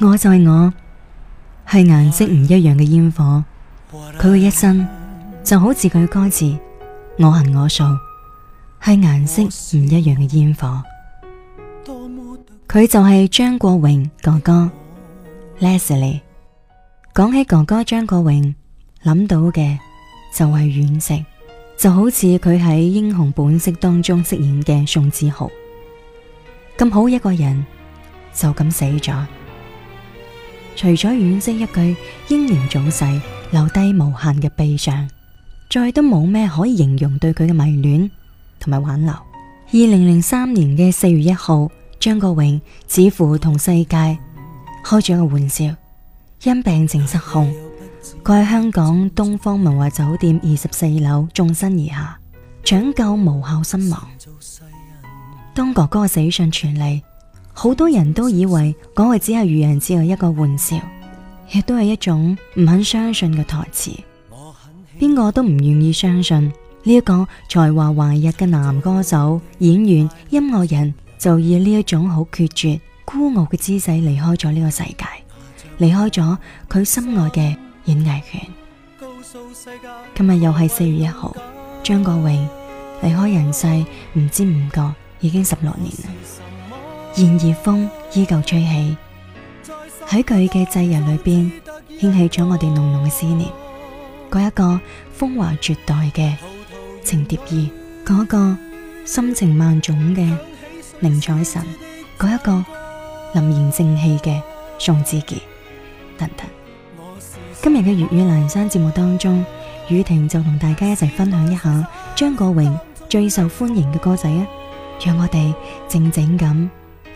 我就係我，係顏色唔一樣嘅煙火。佢嘅一生就好似佢嘅歌詞，我行我素，係顏色唔一樣嘅煙火。佢就係張國榮哥哥，Leslie。講 起哥哥張國榮，諗到嘅就係惋惜，就好似佢喺《英雄本色》當中飾演嘅宋子豪，咁好一個人，就咁死咗。除咗惋惜一句英年早逝，留低無限嘅悲傷，再都冇咩可以形容對佢嘅迷戀同埋挽留。二零零三年嘅四月一號，張國榮似乎同世界開咗個玩笑，因病情失控，佢喺香港東方文華酒店二十四樓縱身而下，搶救無效身亡。當哥哥死訊傳嚟，好多人都以為嗰個只係愚人節一個玩笑，亦都係一種唔肯相信嘅台詞。邊個都唔願意相信呢一個才華橫溢嘅男歌手、演員、音樂人，就以呢一種好決絕、孤傲嘅姿勢離開咗呢個世界，離開咗佢心愛嘅演藝圈。今日又係四月一號，張國榮離開人世，唔知唔覺已經十六年啦。然而風依舊吹起，喺佢嘅祭日裏邊掀起咗我哋濃濃嘅思念。嗰一個風華絕代嘅程蝶衣，嗰個心情萬種嘅寧采臣，嗰一個凜然正氣嘅宋志杰，等等。今日嘅粵語南山節目當中，雨婷就同大家一齊分享一下張國榮最受歡迎嘅歌仔啊！讓我哋靜靜咁。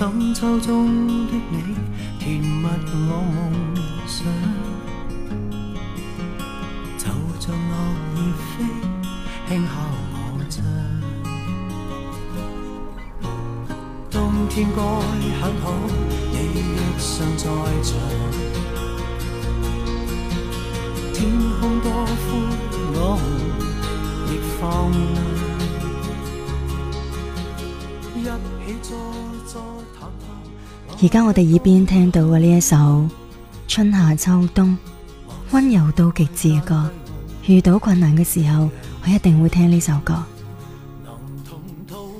深秋中，中的你，填密我夢想，就像落葉飛，輕敲我窗。冬天該很好，你若尚在場，天空多灰，我們亦放亮。而家我哋耳邊聽到嘅呢一首春夏秋冬溫柔到極致嘅歌，遇到困難嘅時候，我一定會聽呢首歌，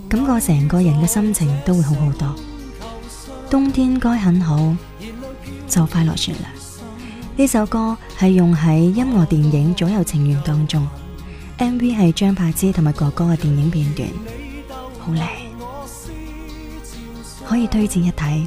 感覺成個人嘅心情都會好好多。冬天該很好，就快落雪啦！呢首歌係用喺音樂電影《左右情緣》當中，嗯，MV 係張柏芝同埋哥哥嘅電影片段，好靚，可以推薦一睇。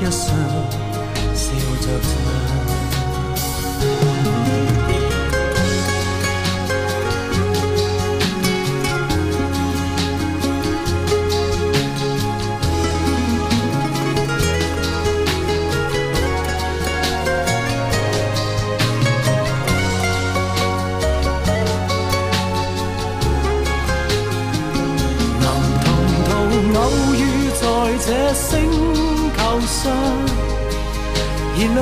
一生笑着唱。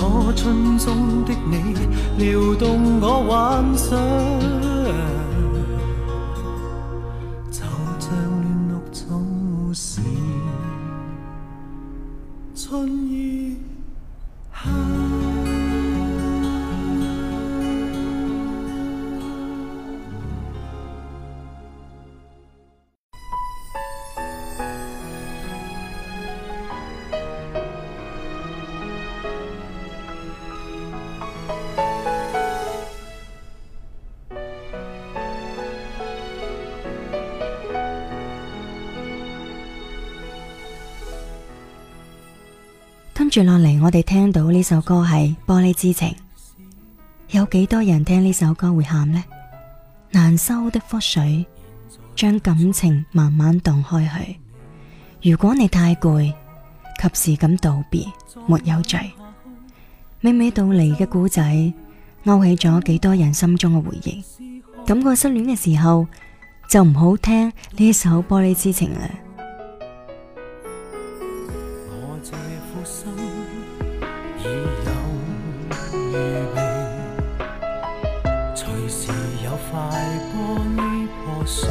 初春中的你，撩動我幻想。接住落嚟，我哋聽到呢首歌係《玻璃之情》，有幾多人聽呢首歌會喊呢？「難收的覆水，將感情慢慢盪開去。如果你太攰，及時咁道別，沒有罪。娓娓道嚟嘅古仔，勾起咗幾多人心中嘅回憶。感覺失戀嘅時候，就唔好聽呢首《玻璃之情》啦。塊玻呢破碎，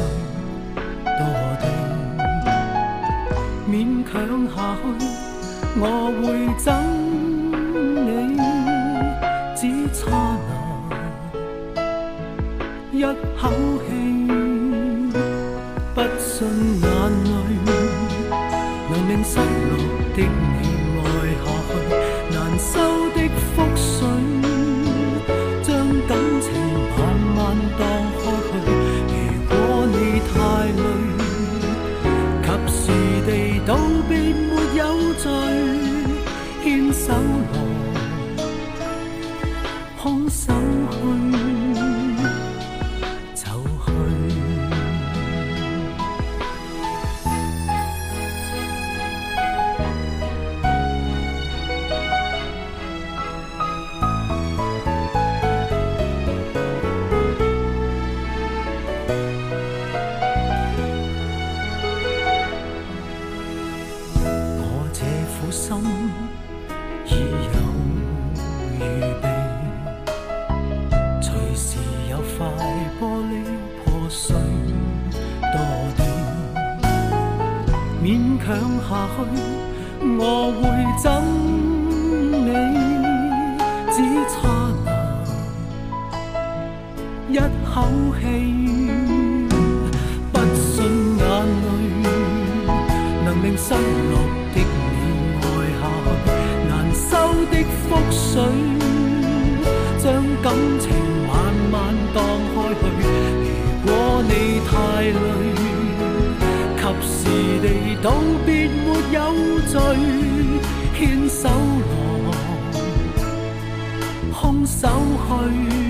多驚！勉強下去，我會憎你。只差那，一口氣，不信眼淚能令心。走去。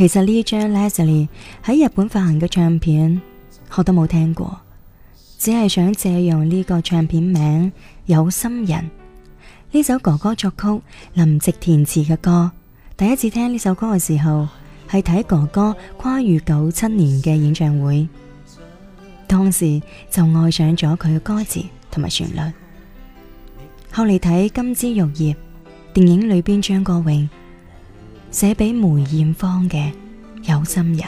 其實呢張 Leslie 喺日本發行嘅唱片，我都冇聽過，只係想借用呢個唱片名《有心人》呢首哥哥作曲、林夕填詞嘅歌。第一次聽呢首歌嘅時候，係睇哥哥跨越九七年嘅演唱會，當時就愛上咗佢嘅歌詞同埋旋律。後嚟睇《金枝玉葉》電影裏邊張國榮。寫俾梅艷芳嘅有心人，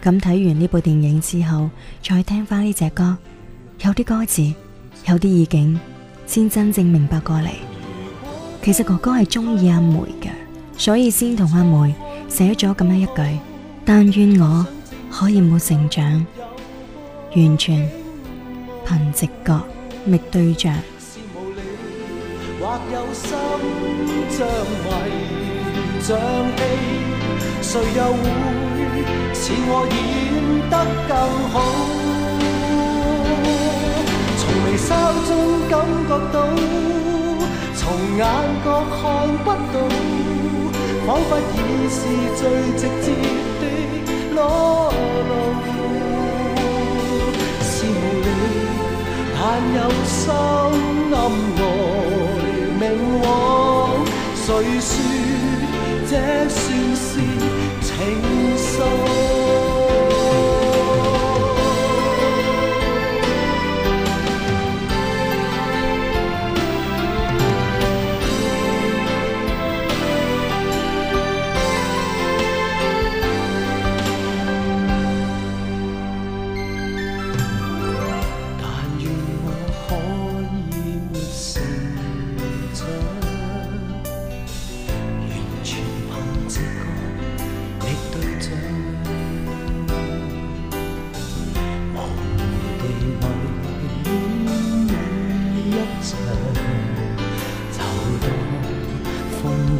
咁睇完呢部電影之後，再聽翻呢隻歌，有啲歌詞，有啲意境，先真正明白過嚟。其實哥哥係中意阿梅嘅，所以先同阿梅寫咗咁樣一句：但願我可以冇成長，完全憑直覺覓對象。是無像戲，誰又會似我演得更好？從眉梢中感覺到，從眼角看不到，彷佛已是最直接的裸露。羨慕你，但有心暗來明往，誰說？這算是情愫。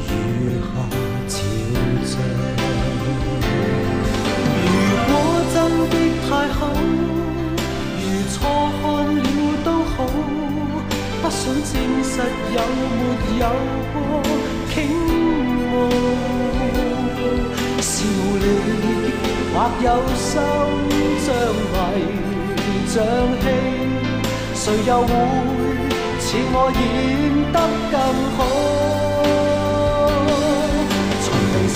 如何潮漲，如果真的太好，如錯看了都好，不想證實有沒有過傾慕。是無力，或有心，像迷像戲，誰又會似我演得更好？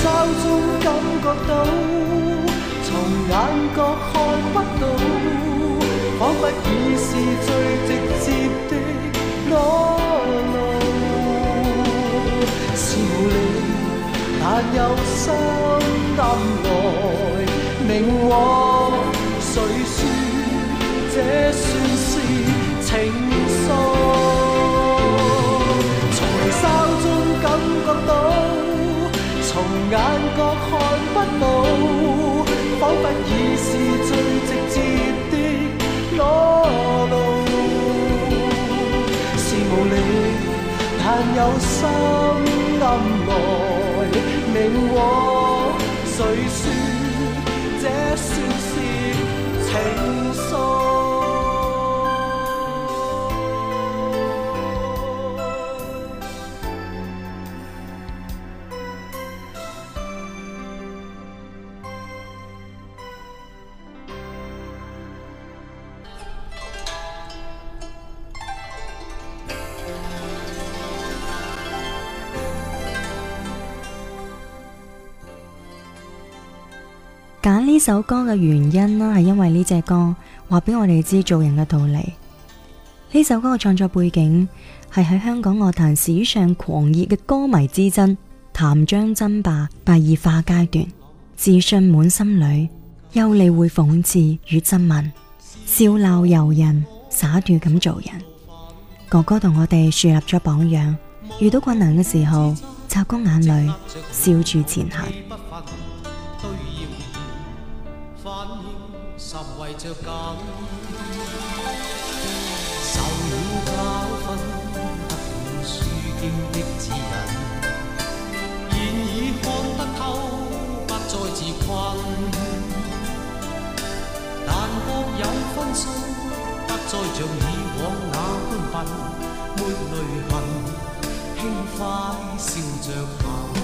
心中感覺到，從眼角看不到，彷佛已是最直接的裸露。是無力，但有心擔來明和。仿佛已是最直接的裸露，是無力，但有心暗來明往。誰說這算是情愫？揀呢首歌嘅原因啦，係因為呢隻歌話俾我哋知做人嘅道理。呢首歌嘅創作背景係喺香港樂壇史上狂熱嘅歌迷之爭、譚張爭霸白熱化階段，自信滿心裏，休理會諷刺與質問，笑鬧由人，灑脫咁做人。哥哥同我哋樹立咗榜樣，遇到困難嘅時候，擦乾眼淚，笑住前行。反應甚為着緊，受了教訓，得了書經的指引，現已看得透，不再自困。但覺有分寸，不再像以往那般笨，抹淚痕，輕快笑着行。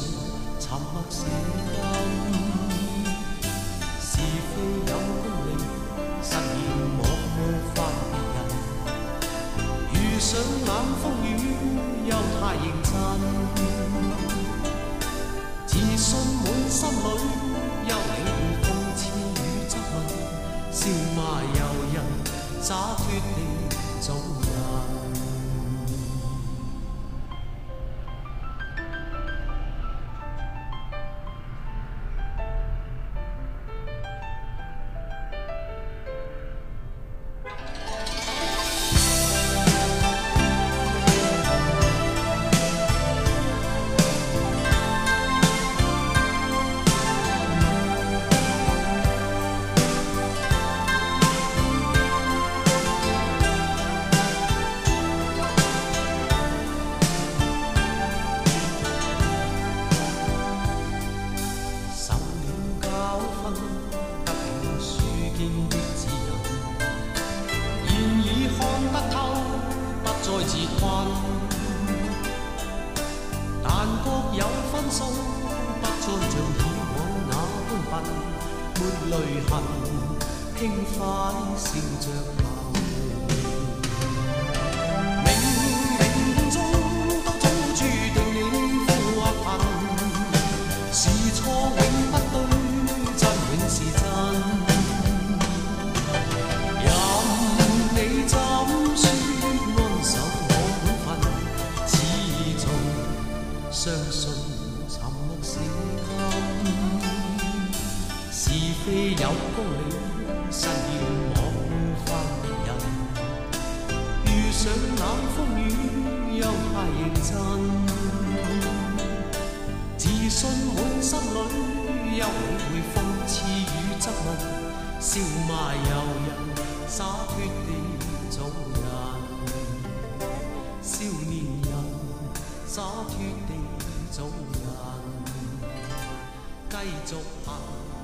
繼續行，啊，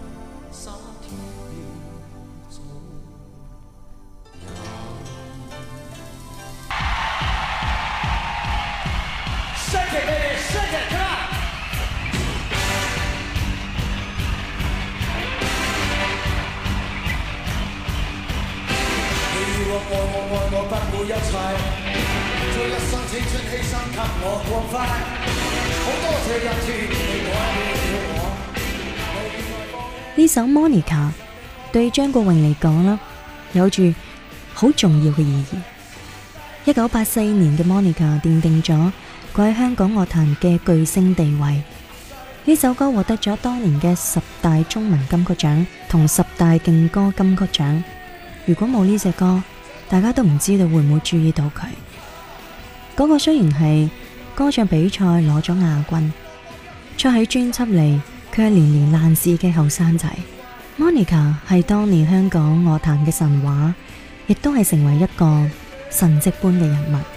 心跳。呢首《Monica》對張國榮嚟講啦，有住好重要嘅意義。一九八四年嘅《Monica》奠定咗佢喺香港樂壇嘅巨星地位。呢首歌獲得咗當年嘅十大中文金曲獎同十大勁歌金曲獎。如果冇呢隻歌，大家都唔知道會唔會注意到佢。嗰個雖然係歌唱比賽攞咗亞軍，出喺專輯嚟。卻年年爛事嘅後生仔，Monica 係當年香港樂壇嘅神話，亦都係成為一個神迹般嘅人物。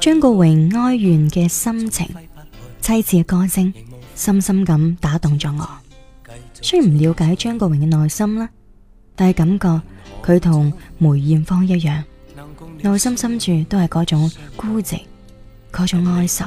張國榮哀怨嘅心情，妻子嘅歌聲，深深咁打動咗我。雖然唔了解張國榮嘅內心啦，但係感覺佢同梅艷芳一樣，內心深處都係嗰種孤寂，嗰種哀愁。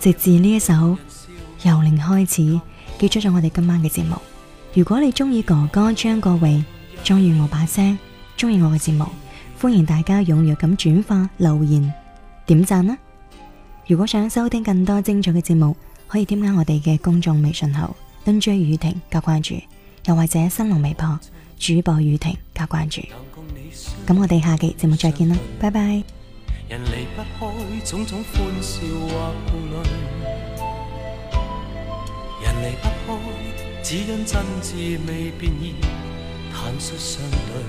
直至呢一首《由零開始》。記住咗我哋今晚嘅節目。如果你中意哥哥張國榮，中意我把聲，中意我嘅節目，歡迎大家踊躍咁轉發、留言、點讚啦、啊！如果想收聽更多精彩嘅節目，可以添加我哋嘅公眾微信號“登追雨婷”加關注，又或者新浪微博主播雨婷加關注。咁我哋下期節目再見啦，拜拜！人離不開，只因真摯未變易。坦率相對，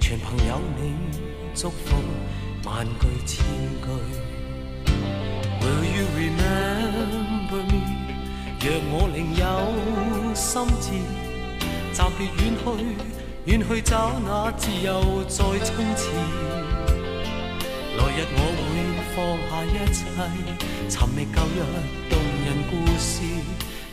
全憑友誼祝福，萬句千句。Will you remember me？若我另有心志，暫別遠去，遠去找那自由再衝刺。來日我會放下一切，尋覓舊日動人故事。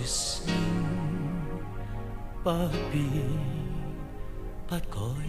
一生不變，不改。